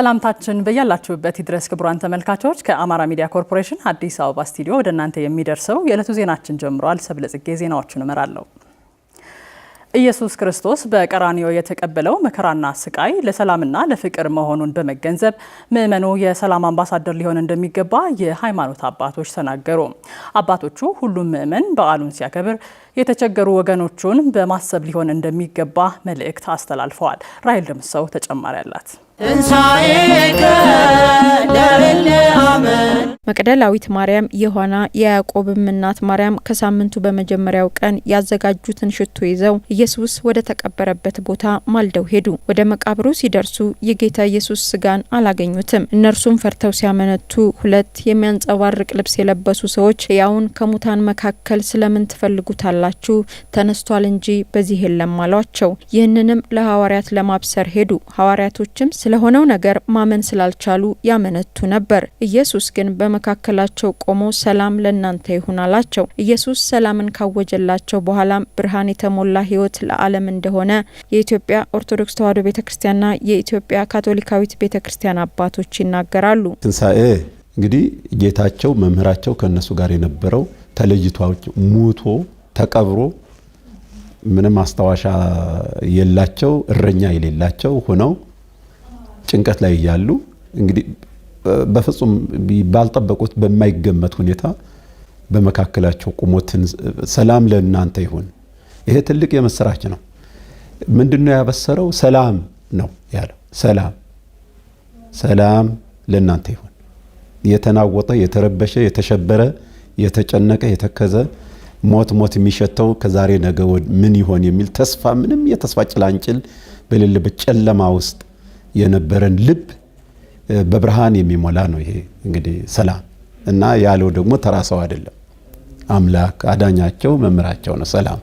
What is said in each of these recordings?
ሰላምታችን በያላችሁበት ይድረስ ክቡራን ተመልካቾች። ከአማራ ሚዲያ ኮርፖሬሽን አዲስ አበባ ስቱዲዮ ወደ እናንተ የሚደርሰው የዕለቱ ዜናችን ጀምሯል። ሰብለጽጌ ዜናዎቹን እመራለሁ። ኢየሱስ ክርስቶስ በቀራኒዮ የተቀበለው መከራና ስቃይ ለሰላምና ለፍቅር መሆኑን በመገንዘብ ምዕመኑ የሰላም አምባሳደር ሊሆን እንደሚገባ የሃይማኖት አባቶች ተናገሩ። አባቶቹ ሁሉም ምዕመን በዓሉን ሲያከብር የተቸገሩ ወገኖቹን በማሰብ ሊሆን እንደሚገባ መልእክት አስተላልፈዋል። ራይል ደምሰው ተጨማሪ አላት። መቅደላዊት ማርያም የሆና የያዕቆብም እናት ማርያም ከሳምንቱ በመጀመሪያው ቀን ያዘጋጁትን ሽቶ ይዘው ኢየሱስ ወደ ተቀበረበት ቦታ ማልደው ሄዱ። ወደ መቃብሩ ሲደርሱ የጌታ ኢየሱስ ስጋን አላገኙትም። እነርሱም ፈርተው ሲያመነቱ ሁለት የሚያንጸባርቅ ልብስ የለበሱ ሰዎች ሕያውን ከሙታን መካከል ስለምን ትፈልጉታል ትችላላችሁ፣ ተነስቷል እንጂ በዚህ የለም አሏቸው። ይህንንም ለሐዋርያት ለማብሰር ሄዱ። ሐዋርያቶችም ስለሆነው ነገር ማመን ስላልቻሉ ያመነቱ ነበር። ኢየሱስ ግን በመካከላቸው ቆሞ ሰላም ለእናንተ ይሁን አላቸው። ኢየሱስ ሰላምን ካወጀላቸው በኋላም ብርሃን የተሞላ ሕይወት ለዓለም እንደሆነ የኢትዮጵያ ኦርቶዶክስ ተዋሕዶ ቤተ ክርስቲያንና የኢትዮጵያ ካቶሊካዊት ቤተ ክርስቲያን አባቶች ይናገራሉ። ትንሣኤ እንግዲህ ጌታቸው መምህራቸው ከእነሱ ጋር የነበረው ተለይቷ ሙቶ ተቀብሮ ምንም ማስታወሻ የላቸው እረኛ የሌላቸው ሆነው ጭንቀት ላይ እያሉ እንግዲህ በፍጹም ባልጠበቁት በማይገመት ሁኔታ በመካከላቸው ቁሞትን ሰላም ለእናንተ ይሁን። ይሄ ትልቅ የምስራች ነው። ምንድን ነው ያበሰረው? ሰላም ነው ያለው። ሰላም ሰላም ለእናንተ ይሁን። የተናወጠ የተረበሸ የተሸበረ የተጨነቀ የተከዘ ሞት ሞት የሚሸተው ከዛሬ ነገ ምን ይሆን የሚል ተስፋ ምንም የተስፋ ጭላንጭል በሌለበት ጨለማ ውስጥ የነበረን ልብ በብርሃን የሚሞላ ነው። ይሄ እንግዲህ ሰላም እና ያለው ደግሞ ተራ ሰው አይደለም። አምላክ አዳኛቸው መምህራቸው ነው። ሰላም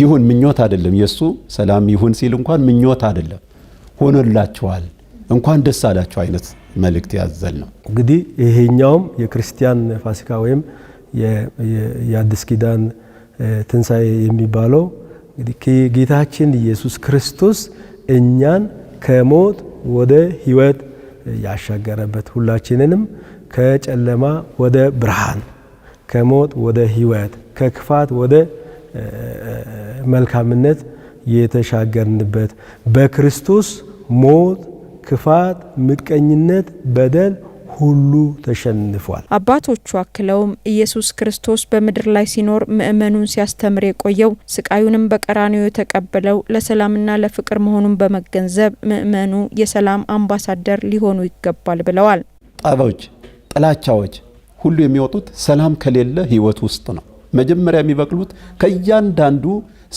ይሁን ምኞት አይደለም። የእሱ ሰላም ይሁን ሲል እንኳን ምኞት አይደለም፣ ሆኖላቸዋል እንኳን ደስ አላቸው አይነት መልእክት ያዘል ነው። እንግዲህ ይሄኛውም የክርስቲያን ፋሲካ ወይም የአዲስ ኪዳን ትንሣኤ የሚባለው ጌታችን ኢየሱስ ክርስቶስ እኛን ከሞት ወደ ሕይወት ያሻገረበት ሁላችንንም ከጨለማ ወደ ብርሃን ከሞት ወደ ሕይወት ከክፋት ወደ መልካምነት የተሻገርንበት በክርስቶስ ሞት፣ ክፋት፣ ምቀኝነት፣ በደል ሁሉ ተሸንፏል። አባቶቹ አክለውም ኢየሱስ ክርስቶስ በምድር ላይ ሲኖር ምእመኑን ሲያስተምር የቆየው ስቃዩንም በቀራንዮ የተቀበለው ለሰላምና ለፍቅር መሆኑን በመገንዘብ ምእመኑ የሰላም አምባሳደር ሊሆኑ ይገባል ብለዋል። ጠቦች፣ ጥላቻዎች ሁሉ የሚወጡት ሰላም ከሌለ ህይወት ውስጥ ነው። መጀመሪያ የሚበቅሉት ከእያንዳንዱ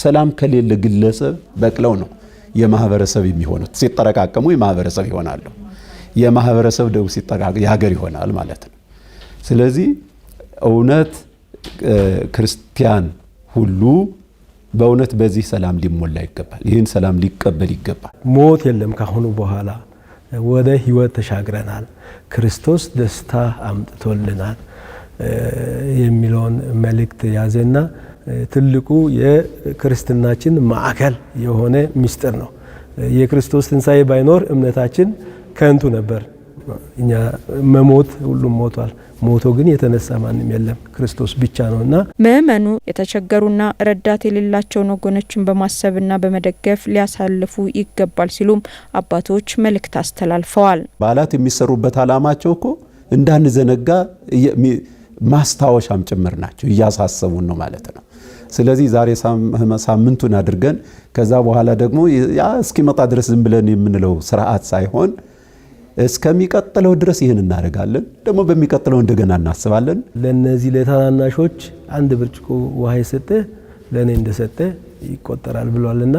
ሰላም ከሌለ ግለሰብ በቅለው ነው የማህበረሰብ የሚሆኑት። ሲጠረቃቀሙ የማህበረሰብ ይሆናሉ። የማህበረሰብ ደቡብ ሲጠጋግ የሀገር ይሆናል ማለት ነው። ስለዚህ እውነት ክርስቲያን ሁሉ በእውነት በዚህ ሰላም ሊሞላ ይገባል። ይህን ሰላም ሊቀበል ይገባል። ሞት የለም ካሁኑ በኋላ ወደ ህይወት ተሻግረናል፣ ክርስቶስ ደስታ አምጥቶልናል የሚለውን መልእክት ያዘና ትልቁ የክርስትናችን ማዕከል የሆነ ምስጢር ነው። የክርስቶስ ትንሣኤ ባይኖር እምነታችን ከንቱ ነበር። እኛ መሞት ሁሉም ሞቷል። ሞቶ ግን የተነሳ ማንም የለም ክርስቶስ ብቻ ነውና ምእመኑ የተቸገሩና ረዳት የሌላቸውን ወገኖችን በማሰብና በመደገፍ ሊያሳልፉ ይገባል ሲሉም አባቶች መልእክት አስተላልፈዋል። በዓላት የሚሰሩበት ዓላማቸው እኮ እንዳንዘነጋ ማስታወሻም ጭምር ናቸው። እያሳሰቡን ነው ማለት ነው። ስለዚህ ዛሬ ሳምንቱን አድርገን ከዛ በኋላ ደግሞ ያ እስኪመጣ ድረስ ዝም ብለን የምንለው ስርዓት ሳይሆን እስከሚቀጥለው ድረስ ይህን እናደርጋለን። ደግሞ በሚቀጥለው እንደገና እናስባለን። ለእነዚህ ለታናናሾች አንድ ብርጭቆ ውሃ የሰጠ ለእኔ እንደሰጠ ይቆጠራል ብሏልና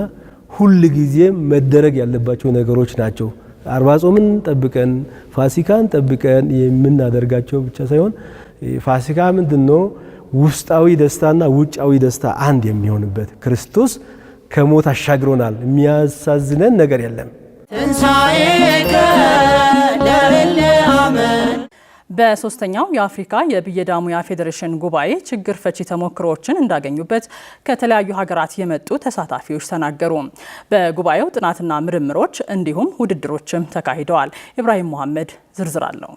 ሁል ጊዜ መደረግ ያለባቸው ነገሮች ናቸው። አርባ ጾምን ጠብቀን ፋሲካን ጠብቀን የምናደርጋቸው ብቻ ሳይሆን ፋሲካ ምንድን ነው? ውስጣዊ ደስታና ውጫዊ ደስታ አንድ የሚሆንበት ክርስቶስ ከሞት አሻግሮናል። የሚያሳዝነን ነገር የለም። በሶስተኛው የአፍሪካ የብየዳ ሙያ ፌዴሬሽን ጉባኤ ችግር ፈቺ ተሞክሮዎችን እንዳገኙበት ከተለያዩ ሀገራት የመጡ ተሳታፊዎች ተናገሩ። በጉባኤው ጥናትና ምርምሮች እንዲሁም ውድድሮችም ተካሂደዋል። ኢብራሂም መሐመድ ዝርዝር አለው።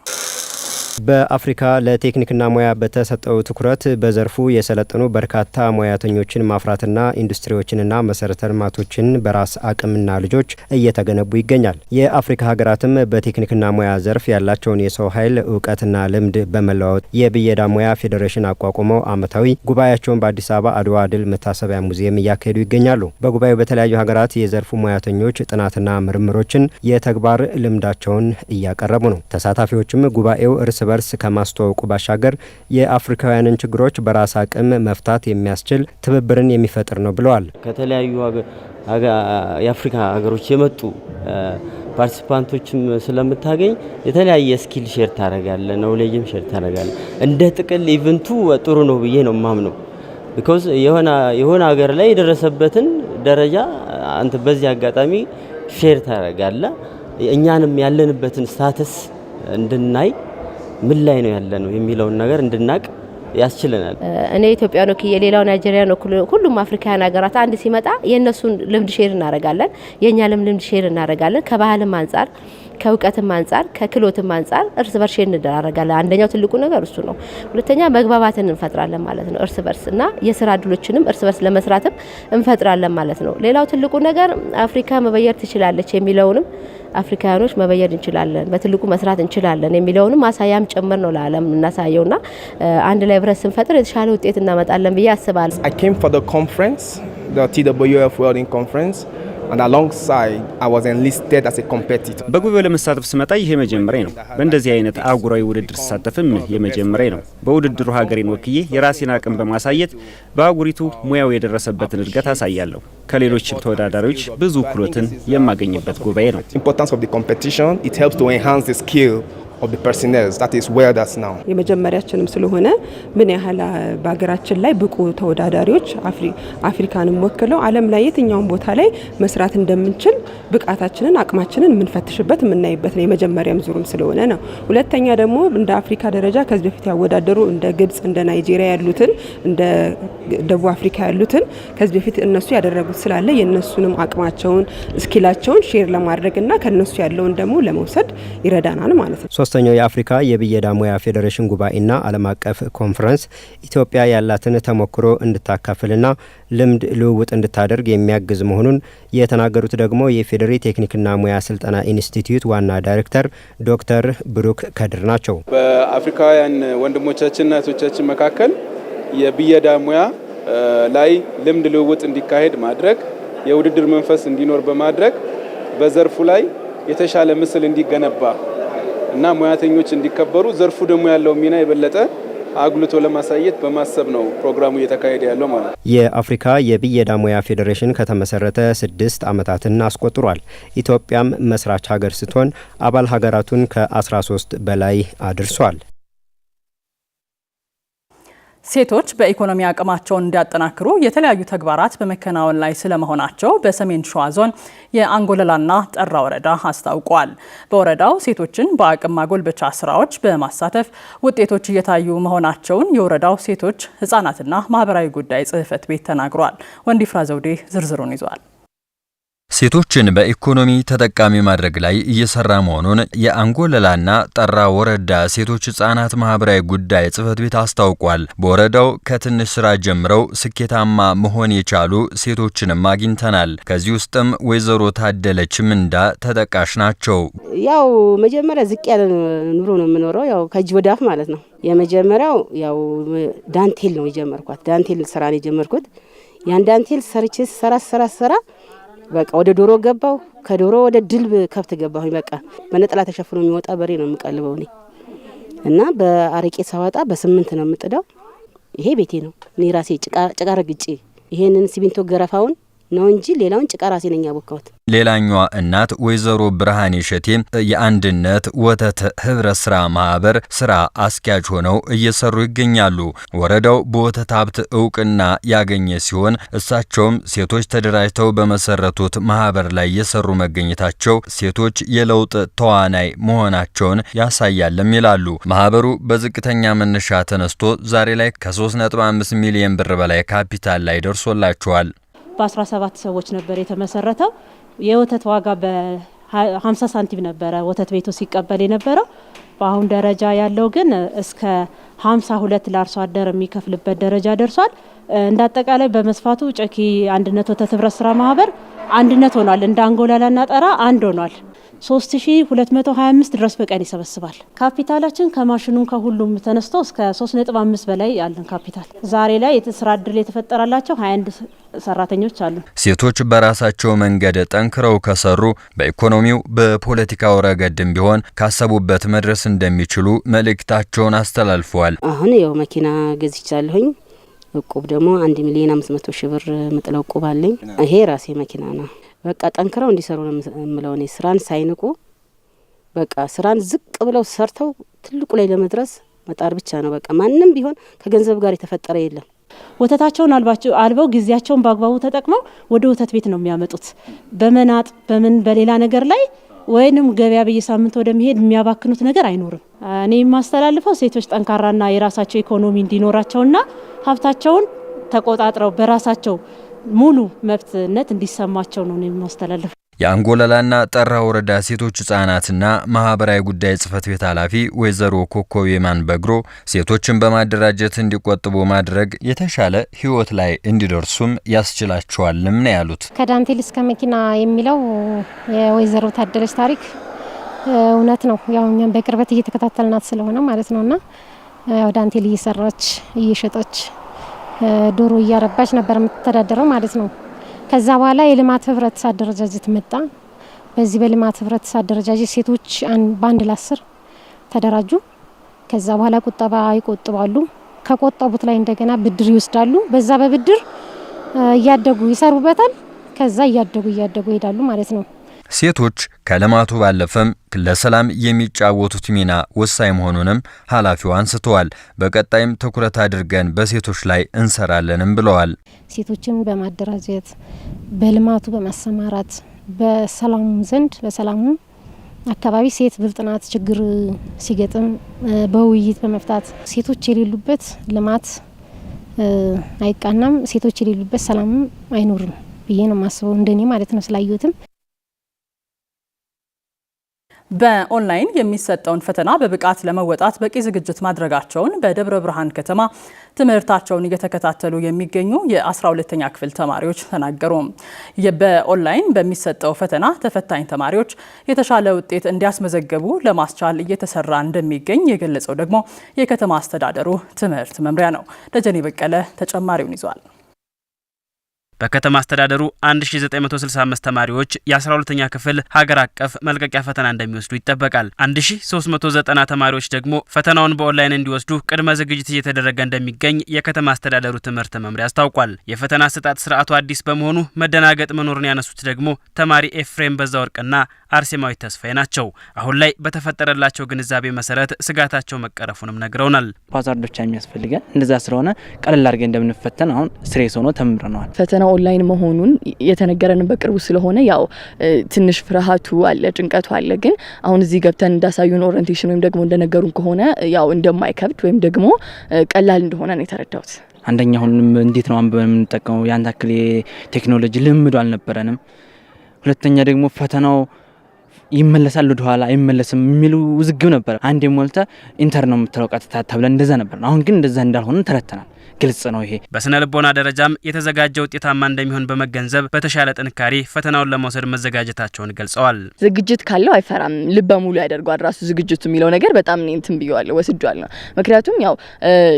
በአፍሪካ ለቴክኒክና ሙያ በተሰጠው ትኩረት በዘርፉ የሰለጠኑ በርካታ ሙያተኞችን ማፍራትና ኢንዱስትሪዎችንና መሰረተ ልማቶችን በራስ አቅምና ልጆች እየተገነቡ ይገኛል። የአፍሪካ ሀገራትም በቴክኒክና ሙያ ዘርፍ ያላቸውን የሰው ኃይል እውቀትና ልምድ በመለዋወጥ የብየዳ ሙያ ፌዴሬሽን አቋቁመው ዓመታዊ ጉባኤያቸውን በአዲስ አበባ አድዋ ድል መታሰቢያ ሙዚየም እያካሄዱ ይገኛሉ። በጉባኤው በተለያዩ ሀገራት የዘርፉ ሙያተኞች ጥናትና ምርምሮችን፣ የተግባር ልምዳቸውን እያቀረቡ ነው። ተሳታፊዎችም ጉባኤው እርስ በርስ ከማስተዋወቁ ባሻገር የአፍሪካውያንን ችግሮች በራስ አቅም መፍታት የሚያስችል ትብብርን የሚፈጥር ነው ብለዋል። ከተለያዩ የአፍሪካ ሀገሮች የመጡ ፓርቲሲፓንቶችም ስለምታገኝ የተለያየ ስኪል ሼር ታደረጋለ፣ ኖሌጅም ሼር ታደረጋለ። እንደ ጥቅል ኢቨንቱ ጥሩ ነው ብዬ ነው ማምነው። ቢኮዝ የሆነ ሀገር ላይ የደረሰበትን ደረጃ አንተ በዚህ አጋጣሚ ሼር ታደረጋለ፣ እኛንም ያለንበትን ስታተስ እንድናይ ምን ላይ ነው ያለ ነው የሚለውን ነገር እንድናቅ ያስችለናል። እኔ ኢትዮጵያ ነው ክዬ ሌላው ናይጄሪያ ነው ሁሉም አፍሪካውያን ሀገራት አንድ ሲመጣ የእነሱን ልምድ ሼር እናደርጋለን፣ የእኛ ልምድ ሼር እናደርጋለን። ከባህልም አንጻር ከእውቀትም አንጻር ከክሎትም አንጻር እርስ በርስ እንደራረጋለን። አንደኛው ትልቁ ነገር እሱ ነው። ሁለተኛ መግባባትን እንፈጥራለን ማለት ነው እርስ በርስ እና የስራ እድሎችንም እርስ በርስ ለመስራትም እንፈጥራለን ማለት ነው። ሌላው ትልቁ ነገር አፍሪካ መበየር ትችላለች የሚለውንም አፍሪካውያኖች መበየድ እንችላለን፣ በትልቁ መስራት እንችላለን የሚለውንም ማሳያም ጭምር ነው ለዓለም እናሳየውና አንድ ላይ ህብረት ስንፈጥር የተሻለ ውጤት እናመጣለን ብዬ አስባለሁ። በጉባኤው ለመሳተፍ ስመጣ ይህ የመጀመሪያ ነው። በእንደዚህ አይነት አህጉራዊ ውድድር ስሳተፍም የመጀመሪያ ነው። በውድድሩ ሀገሬን ወክዬ የራሴን አቅም በማሳየት በአህጉሪቱ ሙያው የደረሰበትን እድገት አሳያለሁ። ከሌሎችም ተወዳዳሪዎች ብዙ ክሎትን የማገኝበት ጉባኤ ነው። የመጀመሪያችንም ስለሆነ ምን ያህል በሀገራችን ላይ ብቁ ተወዳዳሪዎች አፍሪካንም ወክለው ዓለም ላይ የትኛውን ቦታ ላይ መስራት እንደምንችል ብቃታችንን፣ አቅማችንን የምንፈትሽበት የምናይበት ነው። የመጀመሪያም ዙሩም ስለሆነ ነው። ሁለተኛ ደግሞ እንደ አፍሪካ ደረጃ ከዚህ በፊት ያወዳደሩ እንደ ግብጽ፣ እንደ ናይጄሪያ ያሉትን እንደ ደቡብ አፍሪካ ያሉትን ከዚህ በፊት እነሱ ያደረጉት ስላለ የእነሱንም አቅማቸውን ስኪላቸውን ሼር ለማድረግ ለማድረግና ከነሱ ያለውን ደግሞ ለመውሰድ ይረዳናል ማለት ነው። ሶስተኛው የአፍሪካ የብየዳ ሙያ ፌዴሬሽን ጉባኤና ዓለም አቀፍ ኮንፈረንስ ኢትዮጵያ ያላትን ተሞክሮ እንድታካፍልና ልምድ ልውውጥ እንድታደርግ የሚያግዝ መሆኑን የተናገሩት ደግሞ የፌዴሪ ቴክኒክና ሙያ ስልጠና ኢንስቲትዩት ዋና ዳይሬክተር ዶክተር ብሩክ ከድር ናቸው። በአፍሪካውያን ወንድሞቻችንና እህቶቻችን መካከል የብየዳ ሙያ ላይ ልምድ ልውውጥ እንዲካሄድ ማድረግ፣ የውድድር መንፈስ እንዲኖር በማድረግ በዘርፉ ላይ የተሻለ ምስል እንዲገነባ እና ሙያተኞች እንዲከበሩ ዘርፉ ደግሞ ያለው ሚና የበለጠ አጉልቶ ለማሳየት በማሰብ ነው ፕሮግራሙ እየተካሄደ ያለው ማለት ነው። የአፍሪካ የብየዳ ሙያ ፌዴሬሽን ከተመሰረተ ስድስት ዓመታትን አስቆጥሯል። ኢትዮጵያም መስራች ሀገር ስትሆን አባል ሀገራቱን ከ13 በላይ አድርሷል። ሴቶች በኢኮኖሚ አቅማቸውን እንዲያጠናክሩ የተለያዩ ተግባራት በመከናወን ላይ ስለመሆናቸው በሰሜን ሸዋ ዞን የአንጎለላና ጠራ ወረዳ አስታውቋል። በወረዳው ሴቶችን በአቅም ማጎልበቻ ስራዎች በማሳተፍ ውጤቶች እየታዩ መሆናቸውን የወረዳው ሴቶች ህጻናትና ማህበራዊ ጉዳይ ጽህፈት ቤት ተናግሯል። ወንዲፍራ ዘውዴ ዝርዝሩን ይዟል። ሴቶችን በኢኮኖሚ ተጠቃሚ ማድረግ ላይ እየሰራ መሆኑን የአንጎለላና ጠራ ወረዳ ሴቶች ህጻናት ማህበራዊ ጉዳይ ጽህፈት ቤት አስታውቋል። በወረዳው ከትንሽ ስራ ጀምረው ስኬታማ መሆን የቻሉ ሴቶችንም አግኝተናል። ከዚህ ውስጥም ወይዘሮ ታደለች ምንዳ ተጠቃሽ ናቸው። ያው መጀመሪያ ዝቅ ያለ ኑሮ ነው የምኖረው፣ ያው ከእጅ ወዳፍ ማለት ነው። የመጀመሪያው ያው ዳንቴል ነው የጀመርኳት፣ ዳንቴል ስራ ነው የጀመርኩት። ያን ዳንቴል ሰርቼ ሰራ ሰራ ሰራ በቃ ወደ ዶሮ ገባሁ። ከዶሮ ወደ ድልብ ከብት ገባሁኝ። በቃ በነጠላ ተሸፍኖ የሚወጣ በሬ ነው የምቀልበው እኔ እና በአረቄ ሳወጣ በስምንት ነው የምጥደው። ይሄ ቤቴ ነው። እኔ ራሴ ጭቃ ረግጬ ይሄንን ሲሚንቶ ገረፋውን ነው እንጂ ሌላውን ጭቃ ራሴ ነኝ ያቦካሁት። ሌላኛዋ እናት ወይዘሮ ብርሃን ሸቴ የአንድነት ወተት ህብረት ስራ ማህበር ስራ አስኪያጅ ሆነው እየሰሩ ይገኛሉ። ወረዳው በወተት ሀብት እውቅና ያገኘ ሲሆን እሳቸውም ሴቶች ተደራጅተው በመሰረቱት ማህበር ላይ የሰሩ መገኘታቸው ሴቶች የለውጥ ተዋናይ መሆናቸውን ያሳያልም ይላሉ። ማህበሩ በዝቅተኛ መነሻ ተነስቶ ዛሬ ላይ ከ3.5 ሚሊዮን ብር በላይ ካፒታል ላይ ደርሶላቸዋል። በ17 ሰዎች ነበር የተመሰረተው። የወተት ዋጋ በ50 ሳንቲም ነበረ ወተት ቤቱ ሲቀበል የነበረው። በአሁን ደረጃ ያለው ግን እስከ 52 ለአርሶ አደር የሚከፍልበት ደረጃ ደርሷል። እንደ አጠቃላይ በመስፋቱ ጨኪ አንድነት ወተት ህብረት ስራ ማህበር አንድነት ሆኗል። እንደ አንጎላላና ጠራ አንድ ሆኗል። 3225 ድረስ በቀን ይሰበስባል። ካፒታላችን ከማሽኑም ከሁሉም ተነስቶ እስከ 35 በላይ ያለን ካፒታል ዛሬ ላይ የስራ እድል የተፈጠረላቸው 21 ሰራተኞች አሉ። ሴቶች በራሳቸው መንገድ ጠንክረው ከሰሩ በኢኮኖሚው በፖለቲካው ረገድም ቢሆን ካሰቡበት መድረስ እንደሚችሉ መልእክታቸውን አስተላልፈዋል። አሁን ያው መኪና ገዝቻለሁኝ። እቁብ ደግሞ አንድ ሚሊዮን አምስት መቶ ሺህ ብር ምጥለው እቁብ አለኝ። ይሄ ራሴ መኪና ነው። በቃ ጠንክረው እንዲሰሩ ነው የምለው እኔ ስራን ሳይንቁ በቃ ስራን ዝቅ ብለው ሰርተው ትልቁ ላይ ለመድረስ መጣር ብቻ ነው። በቃ ማንም ቢሆን ከገንዘብ ጋር የተፈጠረ የለም። ወተታቸውን አልባቸው አልበው ጊዜያቸውን በአግባቡ ተጠቅመው ወደ ወተት ቤት ነው የሚያመጡት። በመናጥ በምን በሌላ ነገር ላይ ወይንም ገበያ በየሳምንት ወደሚሄድ የሚያባክኑት ነገር አይኖርም። እኔ የማስተላልፈው ሴቶች ጠንካራና የራሳቸው ኢኮኖሚ እንዲኖራቸውና ሀብታቸውን ተቆጣጥረው በራሳቸው ሙሉ መብትነት እንዲሰማቸው ነው የማስተላለፍ። የአንጎለላና ጠራ ወረዳ ሴቶች ህጻናትና ማህበራዊ ጉዳይ ጽህፈት ቤት ኃላፊ ወይዘሮ ኮኮብ የማን በግሮ ሴቶችን በማደራጀት እንዲቆጥቡ ማድረግ የተሻለ ህይወት ላይ እንዲደርሱም ያስችላቸዋልም ነው ያሉት። ከዳንቴል እስከ መኪና የሚለው የወይዘሮ ታደለች ታሪክ እውነት ነው። ያው እኛም በቅርበት እየተከታተልናት ስለሆነ ማለት ነውና ያው ዳንቴል እየሰራች እየሸጠች ዶሮ እያረባች ነበር የምትተዳደረው ማለት ነው። ከዛ በኋላ የልማት ህብረት አደረጃጀት መጣ። በዚህ በልማት ህብረተሰብ አደረጃጀት ሴቶች በአንድ ለአስር ተደራጁ። ከዛ በኋላ ቁጠባ ይቆጥባሉ። ከቆጠቡት ላይ እንደገና ብድር ይወስዳሉ። በዛ በብድር እያደጉ ይሰሩበታል። ከዛ እያደጉ እያደጉ ይሄዳሉ ማለት ነው። ሴቶች ከልማቱ ባለፈም ለሰላም የሚጫወቱት ሚና ወሳኝ መሆኑንም ኃላፊው አንስተዋል። በቀጣይም ትኩረት አድርገን በሴቶች ላይ እንሰራለንም ብለዋል። ሴቶችን በማደራጀት በልማቱ በማሰማራት በሰላሙ ዘንድ በሰላሙ አካባቢ ሴት ብልጥናት ችግር ሲገጥም በውይይት በመፍታት ሴቶች የሌሉበት ልማት አይቃናም፣ ሴቶች የሌሉበት ሰላምም አይኖርም ብዬ ነው የማስበው እንደኔ ማለት ነው ስላየሁትም በኦንላይን የሚሰጠውን ፈተና በብቃት ለመወጣት በቂ ዝግጅት ማድረጋቸውን በደብረ ብርሃን ከተማ ትምህርታቸውን እየተከታተሉ የሚገኙ የ12ተኛ ክፍል ተማሪዎች ተናገሩ። በኦንላይን በሚሰጠው ፈተና ተፈታኝ ተማሪዎች የተሻለ ውጤት እንዲያስመዘገቡ ለማስቻል እየተሰራ እንደሚገኝ የገለጸው ደግሞ የከተማ አስተዳደሩ ትምህርት መምሪያ ነው። ደጀኔ በቀለ ተጨማሪውን ይዟል። በከተማ አስተዳደሩ 1965 ተማሪዎች የ12ተኛ ክፍል ሀገር አቀፍ መልቀቂያ ፈተና እንደሚወስዱ ይጠበቃል። 1390 ተማሪዎች ደግሞ ፈተናውን በኦንላይን እንዲወስዱ ቅድመ ዝግጅት እየተደረገ እንደሚገኝ የከተማ አስተዳደሩ ትምህርት መምሪያ አስታውቋል። የፈተና አሰጣጥ ስርዓቱ አዲስ በመሆኑ መደናገጥ መኖሩን ያነሱት ደግሞ ተማሪ ኤፍሬም በዛ ወርቅና አርሴማዊ ተስፋዬ ናቸው። አሁን ላይ በተፈጠረላቸው ግንዛቤ መሰረት ስጋታቸው መቀረፉንም ነግረውናል። ፓዛርዶቻ የሚያስፈልገን እንደዛ ስለሆነ ቀለል አድርገን እንደምንፈተን አሁን ስሬስ ሆኖ ተምረነዋል። ኦንላይን መሆኑን የተነገረን በቅርቡ ስለሆነ ያው ትንሽ ፍርሃቱ አለ፣ ጭንቀቱ አለ። ግን አሁን እዚህ ገብተን እንዳሳዩን ኦሪንቴሽን ወይም ደግሞ እንደነገሩን ከሆነ ያው እንደማይከብድ ወይም ደግሞ ቀላል እንደሆነ ነው የተረዳሁት። አንደኛ አሁንም እንዴት ነው አንብበን የምንጠቀመው ያን ታክል ቴክኖሎጂ ልምዱ አልነበረንም። ሁለተኛ ደግሞ ፈተናው ይመለሳል ወደኋላ አይመለስም የሚሉ ውዝግብ ነበር። አንድ የሞልተ ኢንተር ነው የምትለው ቀጥታ ተብለን እንደዛ ነበር። አሁን ግን እንደዛ እንዳልሆነ ተረተናል። ግልጽ ነው። ይሄ በስነ ልቦና ደረጃም የተዘጋጀ ውጤታማ እንደሚሆን በመገንዘብ በተሻለ ጥንካሬ ፈተናውን ለመውሰድ መዘጋጀታቸውን ገልጸዋል። ዝግጅት ካለው አይፈራም፣ ልበ ሙሉ ያደርጓል። ራሱ ዝግጅቱ የሚለው ነገር በጣም እንትን ብየዋለሁ፣ ወስጇል ነው። ምክንያቱም ያው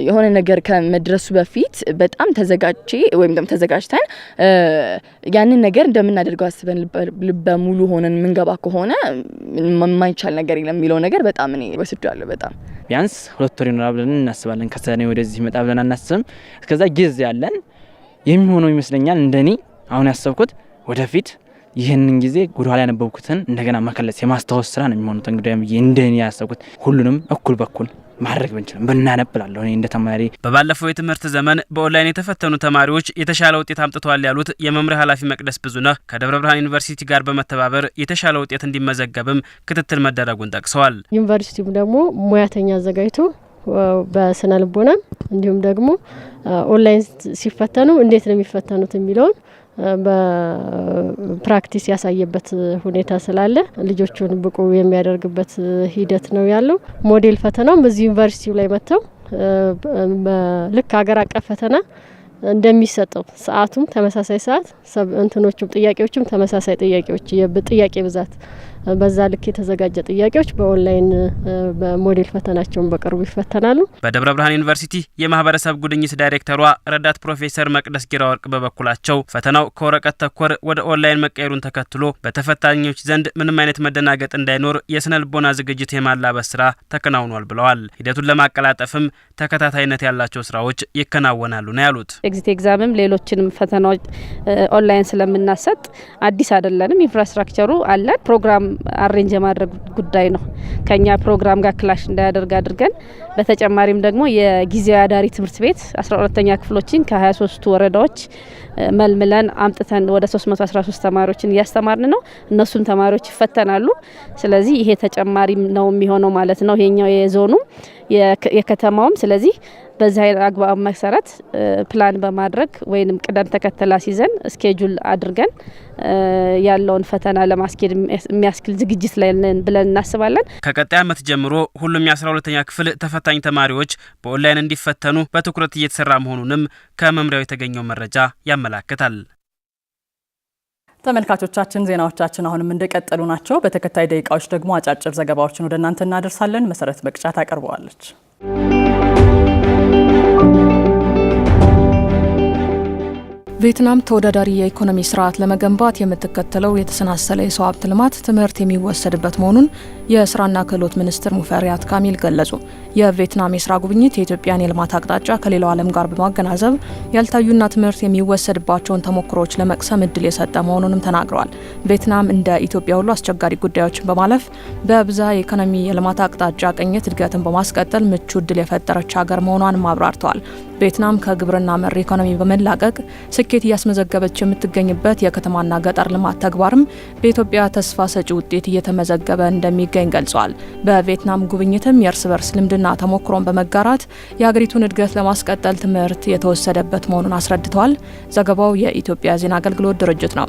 የሆነ ነገር ከመድረሱ በፊት በጣም ተዘጋጅቼ ወይም ደግሞ ተዘጋጅተን ያንን ነገር እንደምናደርገው አስበን ልበ ሙሉ ሆነን የምንገባ ከሆነ የማይቻል ነገር የለም የሚለው ነገር በጣም እኔ በጣም ቢያንስ ሁለት ወር ይኖራል ብለን እናስባለን። ከሰኔ ወደዚህ ይመጣ ብለን አናስብም። እስከዛ ጊዜ ያለን የሚሆነው ይመስለኛል። እንደኔ አሁን ያሰብኩት ወደፊት ይህንን ጊዜ ወደኋላ ያነበብኩትን እንደገና መከለስ የማስታወስ ስራ ነው የሚሆኑት። እንግዲህ እንደኔ ያሰብኩት ሁሉንም እኩል በኩል ማድረግ ብንችል ብናነብላለሁ እኔ እንደ ተማሪ። በባለፈው የትምህርት ዘመን በኦንላይን የተፈተኑ ተማሪዎች የተሻለ ውጤት አምጥተዋል ያሉት የመምሪያ ኃላፊ መቅደስ ብዙነህ ከደብረ ብርሃን ዩኒቨርሲቲ ጋር በመተባበር የተሻለ ውጤት እንዲመዘገብም ክትትል መደረጉን ጠቅሰዋል። ዩኒቨርሲቲውም ደግሞ ሙያተኛ አዘጋጅቶ በስነ ልቦና እንዲሁም ደግሞ ኦንላይን ሲፈተኑ እንዴት ነው የሚፈተኑት የሚለውን በፕራክቲስ ያሳየበት ሁኔታ ስላለ ልጆቹን ብቁ የሚያደርግበት ሂደት ነው ያለው። ሞዴል ፈተናውም በዚህ ዩኒቨርሲቲው ላይ መጥተው ልክ ሀገር አቀፍ ፈተና እንደሚሰጠው ሰዓቱም ተመሳሳይ ሰዓት እንትኖቹም ጥያቄዎችም ተመሳሳይ ጥያቄዎች ጥያቄ ብዛት በዛ ልክ የተዘጋጀ ጥያቄዎች በኦንላይን በሞዴል ፈተናቸውን በቅርቡ ይፈተናሉ። በደብረ ብርሃን ዩኒቨርሲቲ የማህበረሰብ ጉድኝት ዳይሬክተሯ ረዳት ፕሮፌሰር መቅደስ ጊራ ወርቅ በበኩላቸው ፈተናው ከወረቀት ተኮር ወደ ኦንላይን መቀየሩን ተከትሎ በተፈታኞች ዘንድ ምንም አይነት መደናገጥ እንዳይኖር የስነ ልቦና ዝግጅት የማላበስ ስራ ተከናውኗል ብለዋል። ሂደቱን ለማቀላጠፍም ተከታታይነት ያላቸው ስራዎች ይከናወናሉ ነው ያሉት። ኤግዚት ኤግዛምም ሌሎችንም ፈተናዎች ኦንላይን ስለምናሰጥ አዲስ አይደለንም። ኢንፍራስትራክቸሩ አለን ፕሮግራም አሬንጅ የማድረግ ጉዳይ ነው። ከኛ ፕሮግራም ጋር ክላሽ እንዳያደርግ አድርገን በተጨማሪም ደግሞ የጊዜያዊ አዳሪ ትምህርት ቤት 12ተኛ ክፍሎችን ከ23ቱ ወረዳዎች መልምለን አምጥተን ወደ 313 ተማሪዎችን እያስተማርን ነው። እነሱም ተማሪዎች ይፈተናሉ። ስለዚህ ይሄ ተጨማሪ ነው የሚሆነው ማለት ነው። ይሄኛው የዞኑ የከተማውም ስለዚህ በዚህ አይነት አግባብ መሰረት ፕላን በማድረግ ወይም ቅደም ተከተል አስይዘን ስኬጁል አድርገን ያለውን ፈተና ለማስኬድ የሚያስችል ዝግጅት ላይ ነን ብለን እናስባለን። ከቀጣይ ዓመት ጀምሮ ሁሉም የአስራ ሁለተኛ ክፍል ተፈታኝ ተማሪዎች በኦንላይን እንዲፈተኑ በትኩረት እየተሰራ መሆኑንም ከመምሪያው የተገኘው መረጃ ያመላክታል። ተመልካቾቻችን ዜናዎቻችን አሁንም እንደቀጠሉ ናቸው። በተከታይ ደቂቃዎች ደግሞ አጫጭር ዘገባዎችን ወደ እናንተ እናደርሳለን። መሰረት መቅጫት አቀርበዋለች። ቪየትናም ተወዳዳሪ የኢኮኖሚ ስርዓት ለመገንባት የምትከተለው የተሰናሰለ የሰው ሀብት ልማት ትምህርት የሚወሰድበት መሆኑን የስራና ክህሎት ሚኒስትር ሙፈሪያት ካሚል ገለጹ። የቬትናም የስራ ጉብኝት የኢትዮጵያን የልማት አቅጣጫ ከሌላው ዓለም ጋር በማገናዘብ ያልታዩና ትምህርት የሚወሰድባቸውን ተሞክሮዎች ለመቅሰም እድል የሰጠ መሆኑንም ተናግረዋል። ቪየትናም እንደ ኢትዮጵያ ሁሉ አስቸጋሪ ጉዳዮችን በማለፍ በብዛ የኢኮኖሚ የልማት አቅጣጫ ቅኝት እድገትን በማስቀጠል ምቹ እድል የፈጠረች ሀገር መሆኗንም አብራርተዋል። ቪየትናም ከግብርና መር ኢኮኖሚ በመላቀቅ ስኬት እያስመዘገበች የምትገኝበት የከተማና ገጠር ልማት ተግባርም በኢትዮጵያ ተስፋ ሰጪ ውጤት እየተመዘገበ እንደሚገኝ እንደሚገኝ ገልጿል። በቪየትናም ጉብኝትም የእርስ በርስ ልምድና ተሞክሮን በመጋራት የሀገሪቱን እድገት ለማስቀጠል ትምህርት የተወሰደበት መሆኑን አስረድተዋል። ዘገባው የኢትዮጵያ ዜና አገልግሎት ድርጅት ነው።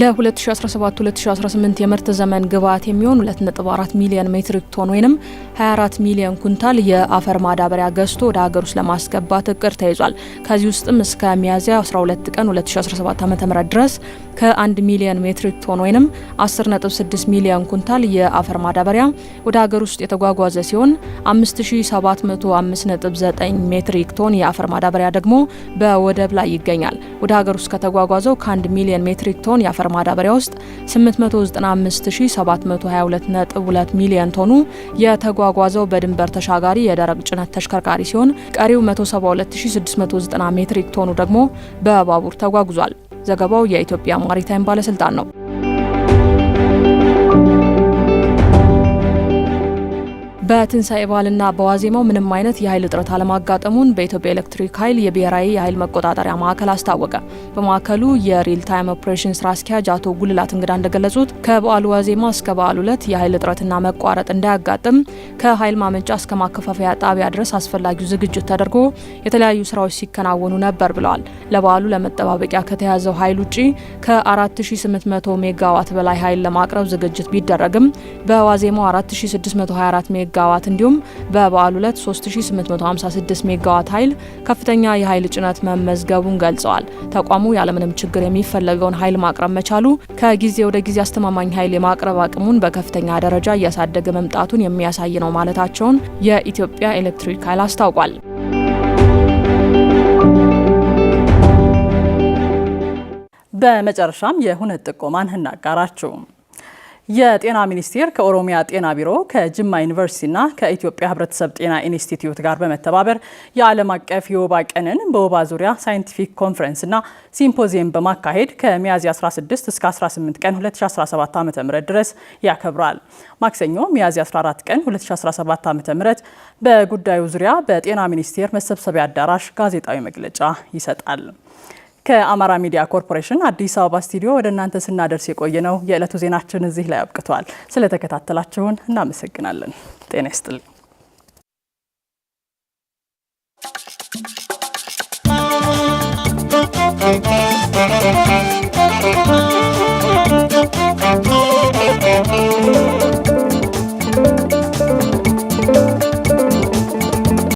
ለ2017-2018 የምርት ዘመን ግብዓት የሚሆን 2.4 ሚሊዮን ሜትሪክ ቶን ወይም 24 ሚሊዮን ኩንታል የአፈር ማዳበሪያ ገዝቶ ወደ ሀገር ውስጥ ለማስገባት እቅድ ተይዟል። ከዚህ ውስጥም እስከ ሚያዝያ 12 ቀን 2017 ዓ ም ድረስ ከ1 ሚሊዮን ሜትሪክ ቶን ወይም 10.6 ሚሊዮን ኩንታል የአፈር ማዳበሪያ ወደ ሀገር ውስጥ የተጓጓዘ ሲሆን 5759 ሜትሪክ ቶን የአፈር ማዳበሪያ ደግሞ በወደብ ላይ ይገኛል። ወደ ሀገር ውስጥ ከተጓጓዘው ከ1 ሚሊዮን ሜትሪክ ቶን የአፈር የዘር ማዳበሪያ ውስጥ 895722 ሚሊዮን ቶኑ የተጓጓዘው በድንበር ተሻጋሪ የደረቅ ጭነት ተሽከርካሪ ሲሆን ቀሪው 172690 ሜትሪክ ቶኑ ደግሞ በባቡር ተጓጉዟል። ዘገባው የኢትዮጵያ ማሪታይም ባለስልጣን ነው። በትንሣኤ በዓልና በዋዜማው ምንም አይነት የኃይል እጥረት አለማጋጠሙን በኢትዮጵያ ኤሌክትሪክ ኃይል የብሔራዊ የኃይል መቆጣጠሪያ ማዕከል አስታወቀ። በማዕከሉ የሪል ታይም ኦፕሬሽን ስራ አስኪያጅ አቶ ጉልላት እንግዳ እንደገለጹት ከበዓሉ ዋዜማ እስከ በዓሉ ዕለት የኃይል እጥረትና መቋረጥ እንዳያጋጥም ከኃይል ማመንጫ እስከ ማከፋፈያ ጣቢያ ድረስ አስፈላጊው ዝግጅት ተደርጎ የተለያዩ ስራዎች ሲከናወኑ ነበር ብለዋል። ለበዓሉ ለመጠባበቂያ ከተያዘው ኃይል ውጪ ከ4800 ሜጋዋት በላይ ኃይል ለማቅረብ ዝግጅት ቢደረግም በዋዜማው 4624 ሜጋ ሜጋዋት እንዲሁም በበዓሉ ዕለት 3856 ሜጋዋት ኃይል ከፍተኛ የኃይል ጭነት መመዝገቡን ገልጸዋል። ተቋሙ ያለምንም ችግር የሚፈለገውን ኃይል ማቅረብ መቻሉ ከጊዜ ወደ ጊዜ አስተማማኝ ኃይል የማቅረብ አቅሙን በከፍተኛ ደረጃ እያሳደገ መምጣቱን የሚያሳይ ነው ማለታቸውን የኢትዮጵያ ኤሌክትሪክ ኃይል አስታውቋል። በመጨረሻም የሁነት ጥቆማን እናጋራችሁ። የጤና ሚኒስቴር ከኦሮሚያ ጤና ቢሮ ከጅማ ዩኒቨርሲቲና ከኢትዮጵያ ሕብረተሰብ ጤና ኢንስቲትዩት ጋር በመተባበር የዓለም አቀፍ የወባ ቀንን በወባ ዙሪያ ሳይንቲፊክ ኮንፈረንስና ሲምፖዚየም በማካሄድ ከሚያዝያ 16 እስከ 18 ቀን 2017 ዓ.ም ድረስ ያከብራል። ማክሰኞ ሚያዝያ 14 ቀን 2017 ዓ.ም በጉዳዩ ዙሪያ በጤና ሚኒስቴር መሰብሰቢያ አዳራሽ ጋዜጣዊ መግለጫ ይሰጣል። ከአማራ ሚዲያ ኮርፖሬሽን አዲስ አበባ ስቱዲዮ ወደ እናንተ ስናደርስ የቆየ ነው። የዕለቱ ዜናችን እዚህ ላይ አብቅቷል። ስለተከታተላችሁን እናመሰግናለን። ጤና ይስጥልኝ። Thank you.